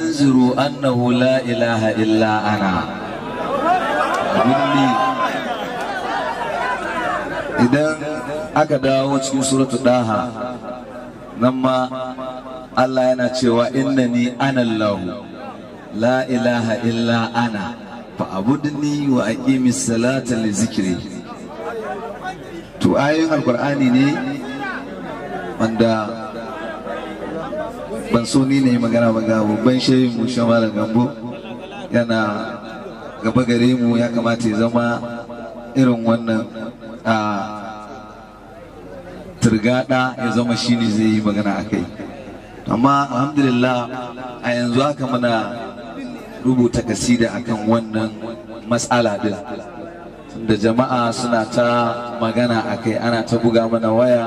انظروا la ilaha illa ana انا idan aka dawo cikin suratu daha nan ma Allah yana cewa innani ana lahu la ilaha illa ana fa abudni wa aqimi salata li zikri to ayoyin alqur'ani ne wanda ban so ni ne magana ba ga babban shehin mu malam gambo yana gaba gare mu ya kamata ya zama irin wannan a turgada ya zama shi ne zai yi magana a kai amma alhamdulillah a yanzu haka muna rubuta kasida akan wannan matsala din da jama'a suna ta magana a kai ana ta buga mana waya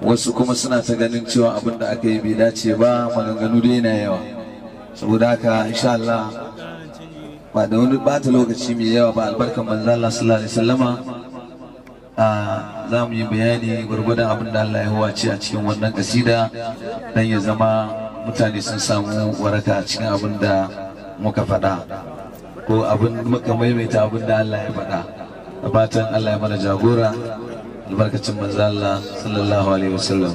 wasu kuma suna ta ganin cewa abin da aka yi bai dace ba maganganu dai na yawa saboda haka insha Allah ba da wani bata lokaci mai yawa ba albarkan manzo Allah sallallahu alaihi wasallama za mu yi bayani gurgurdan abin da Allah ya huwace a cikin wannan kasida dan ya zama mutane sun samu waraka a cikin abin da muka faɗa ko abin muka maimaita abin da Allah ya faɗa fatan Allah ya mana jagora albarkacin manzo Allah sallallahu alaihi wasallam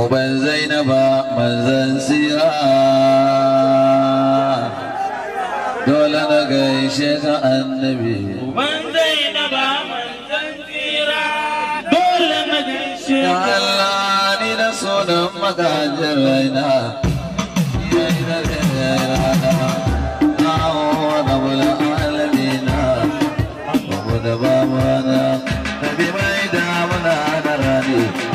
uban zainaba manzan sira dole na gaishe ka annabi uban zainaba manzan sira dole na gaishe ka Allah ni da so magajin raina you.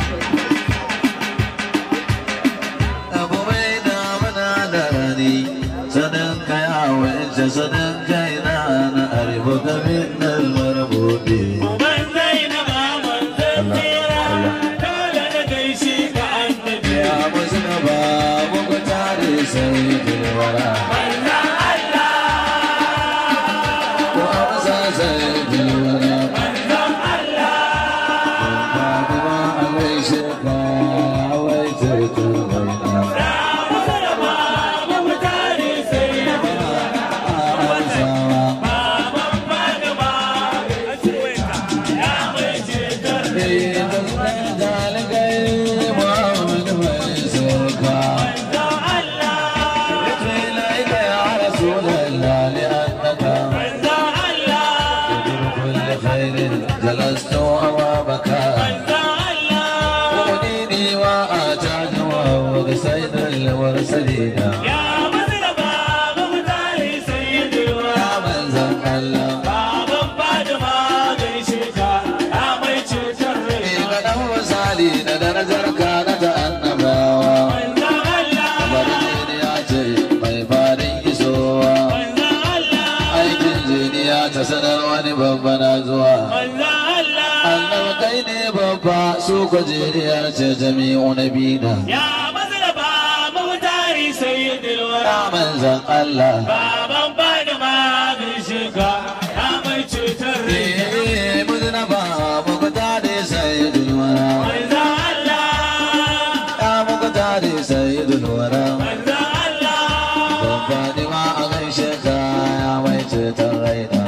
kujeriyar ce jami'u na bina ya mazalaba mutari sayyidul wara manzan Allah baban bani ma bin shiga ya mai cutar Allah. Allah. Allah. Allah. Allah. Allah. Allah ya Allah. Allah. Allah. Allah. Allah Allah. Allah. Allah. Allah. shiga ya mai cutar Allah.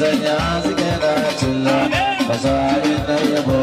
zanya suke da cilla, ba sa harin da yabo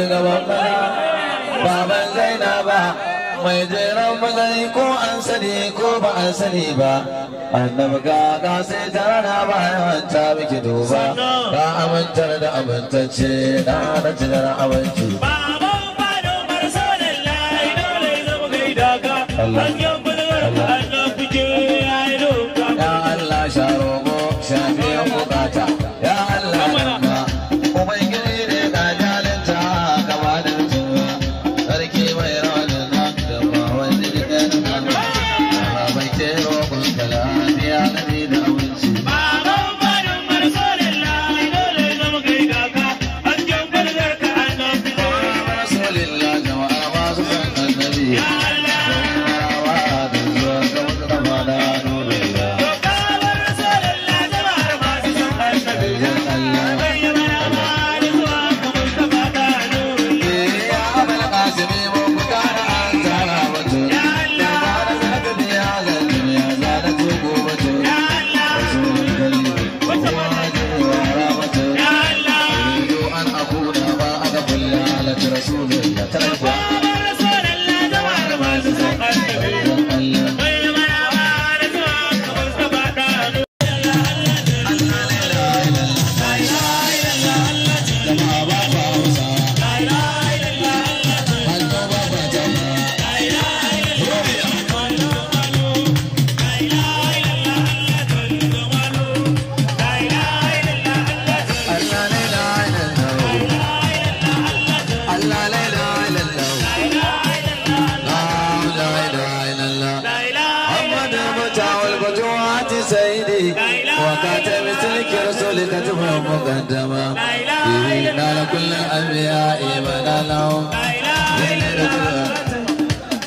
ji gaban bana baban zainaba mai jeran magani ko an sani ko ba an sani ba annabi ga ga sai tarana ba yawanta miki duba ba amintar da amintacce na na cinar abinci Baban ba domar sonin lai dole zama gaida ka الدمام إلى كل الأنبياء بدلا لا إله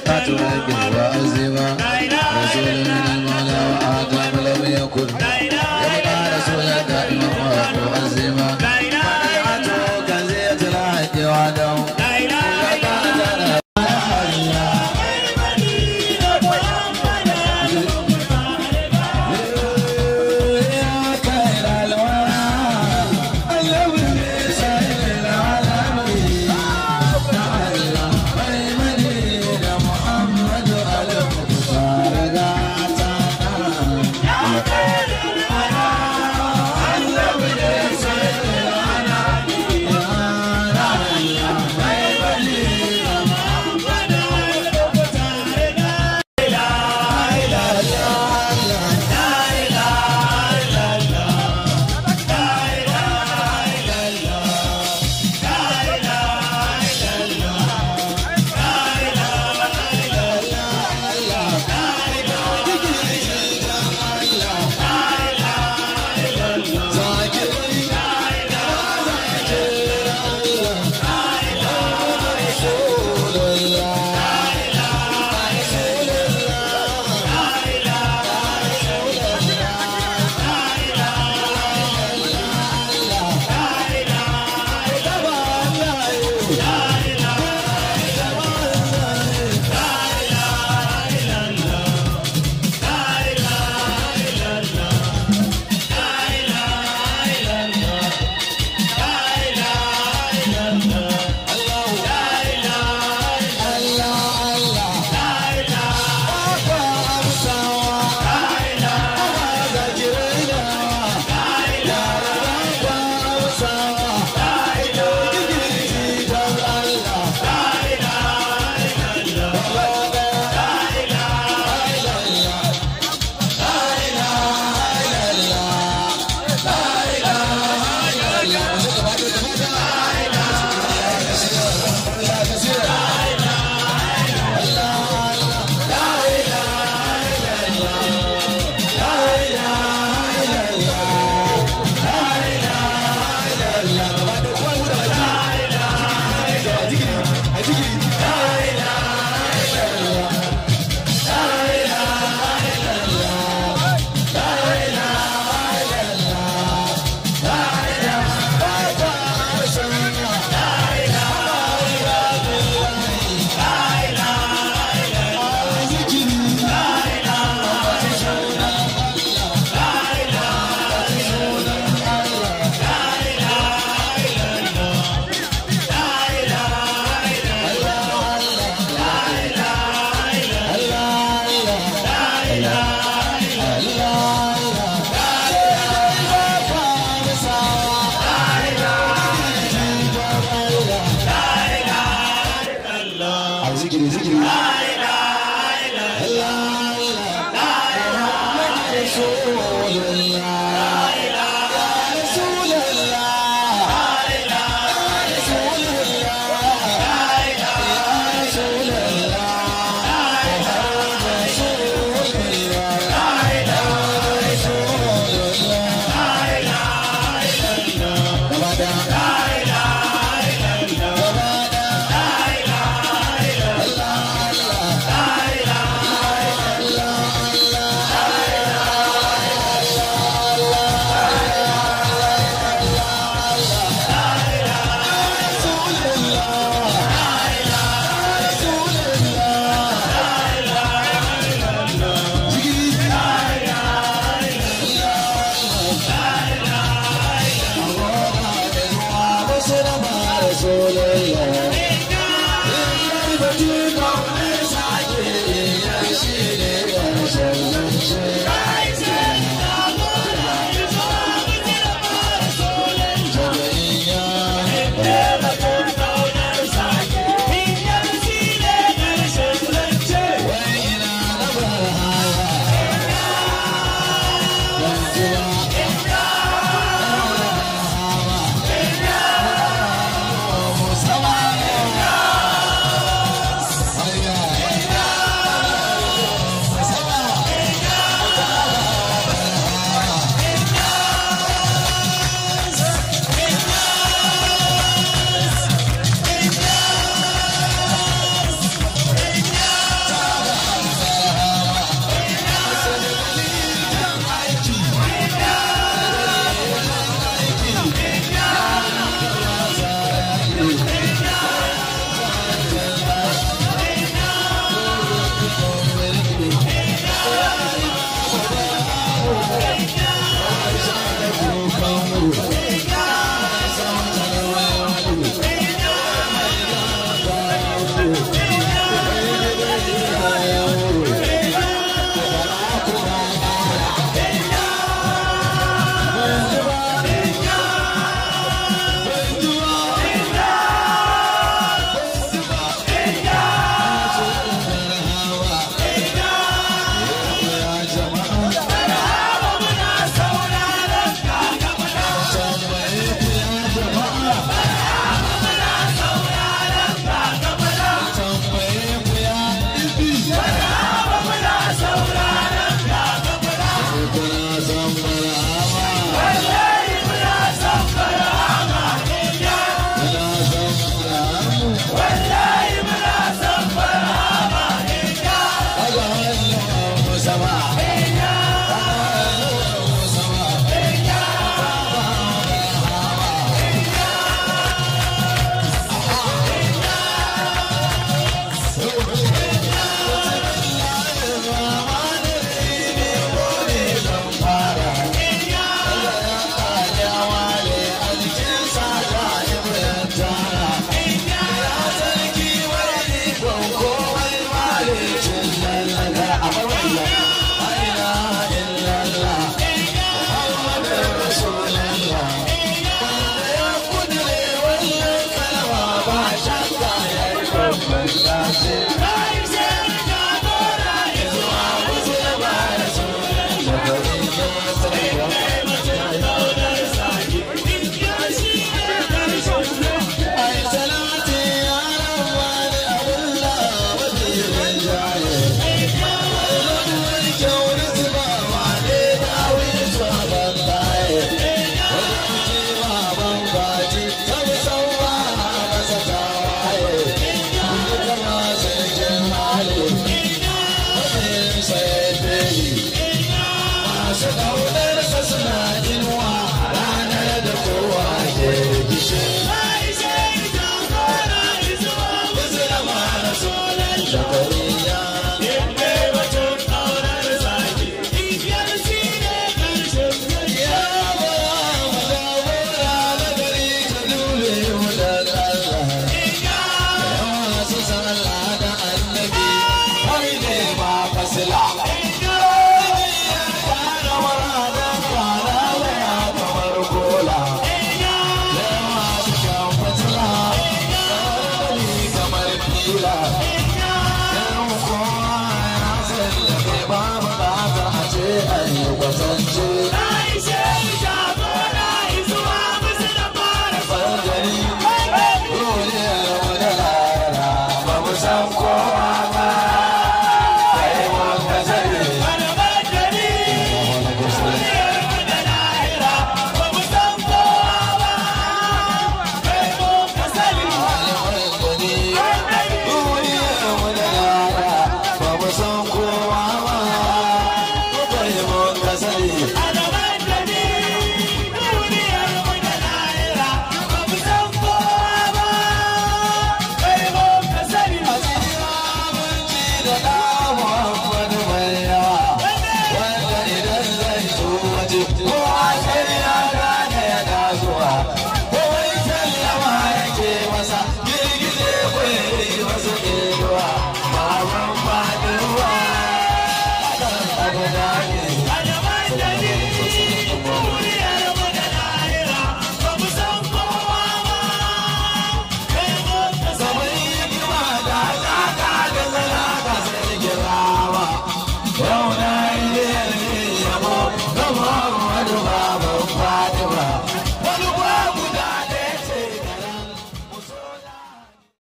إلا الله zigiri zigiri